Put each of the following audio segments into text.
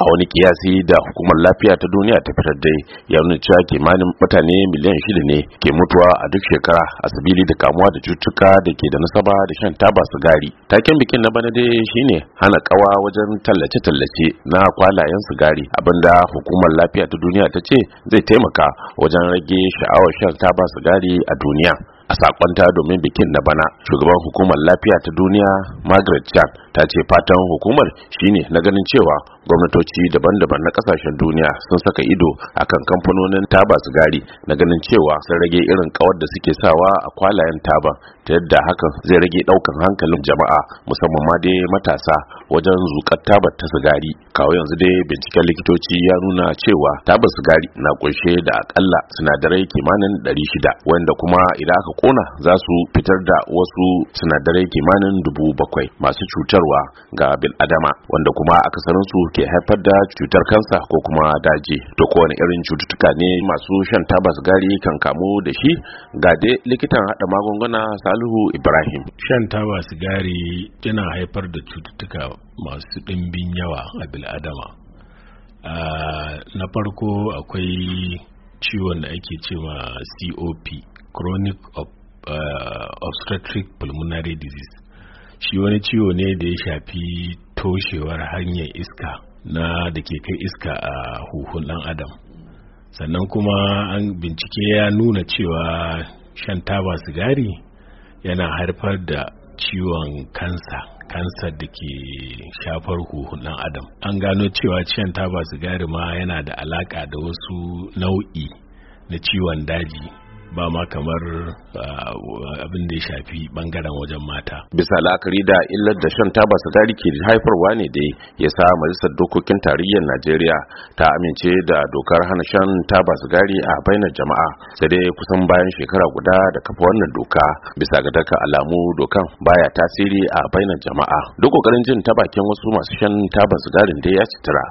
a wani kiyasi da hukumar lafiya ta duniya ta fitar da ya nuna cewa kimanin mutane miliyan shida ne ke mutuwa a duk shekara a sabili da kamuwa da cutuka da ke da nasaba da shan taba sigari taken bikin na bana dai shine hana kawa wajen tallace-tallace na kwalayen sigari abinda hukumar lafiya ta duniya ta ce zai taimaka wajen rage sha'awar shan taba sigari a duniya a sakonta domin bikin na bana shugaban hukumar lafiya ta duniya margaret chan ta ce fatan hukumar shine na ganin cewa gwamnatoci daban-daban na kasashen duniya sun saka ido a kan kamfanonin taba sigari na ganin cewa sun rage irin kawar da suke sawa a kwalayen taba ta yadda hakan zai rage daukan hankalin jama'a musamman ma dai matasa wajen zukar tabar ta sigari kawo yanzu dai binciken likitoci ya nuna cewa tabar sigari na kunshe da akalla sinadarai kimanin shida, wanda kuma idan aka kona za su fitar da wasu sinadarai kimanin bakwai, masu cutar cutarwa ga bil adama wanda kuma akasarin su ke haifar da cutar kansa ko kuma daji to kowane irin cututtuka ne masu shan taba sigari kan kamu da shi ga dai likitan hada magunguna Salihu Ibrahim shan taba sigari yana haifar da cututtuka masu ɗimbin yawa a bil bil'adama na farko akwai ciwon da ake cewa cop chronic eh, obstetric pulmonary disease shi wani ciwo ne da ya shafi toshewar hanyar iska na da ke kai iska a huhun dan adam sannan kuma an bincike ya nuna cewa shan taba sigari yana haifar da ciwon kansa kansar da ke shafar huhun dan adam an gano cewa shan taba sigari ma yana da alaka da wasu nau'i na ciwon daji ba ma kamar abin da ya shafi bangaren wajen mata. Bisa la'akari da illar da shan taba sigari ke haifarwa ne dai ya sa majalisar dokokin tarayyar Najeriya ta amince da dokar hana shan taba sigari a bainar jama'a sai dai kusan bayan shekara guda da kafa wannan doka bisa ga daka alamu dokan baya tasiri a bainar jama'a. Duk kokarin jin ta bakin wasu masu shan taba sigarin dai ya citira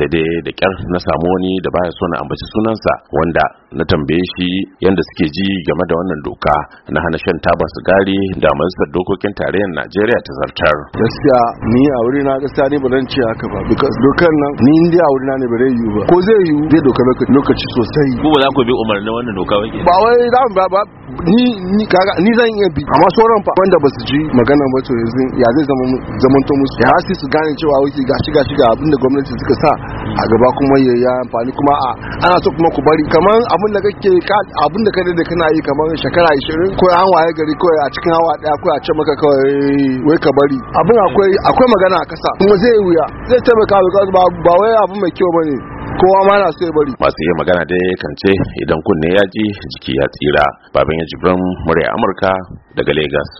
sai dai da kyar na samu wani da baya so na ambaci sunansa wanda na tambaye shi yanda suke ke ji game da wannan doka na hana shan taba sigari da majalisar dokokin tarayyar Najeriya ta zartar. Gaskiya ni a wuri na gaskiya ne ba zan ce haka ba because dokar nan ni inda a wuri na ne ba zai yiwu ba ko zai yiwu zai doka lokaci sosai. Ko ba za ku bi umarnin wannan doka ba Ba wai za mu ba ni ni kaga ni zan iya bi amma sauran fa wanda ba su ji magana ba to yanzu ya zai zama zaman to musu ya su gane cewa wuce gashi gashi ga abin da gwamnati suka sa a gaba kuma ya yi amfani kuma a ana so kuma ku bari kamar abin da kake abin da kada da kana yi kamar shekara 20 ko an waye gari ko a cikin hawa daya ko a ce maka kawai wai ka bari abin akwai akwai magana a kasa kuma zai wuya zai taimaka ba wai abin mai kyau bane kowa ma na ya bari masu iya magana da kan ce idan kunne ya ji jiki ya tsira baban ya jibrin murya amurka daga lagos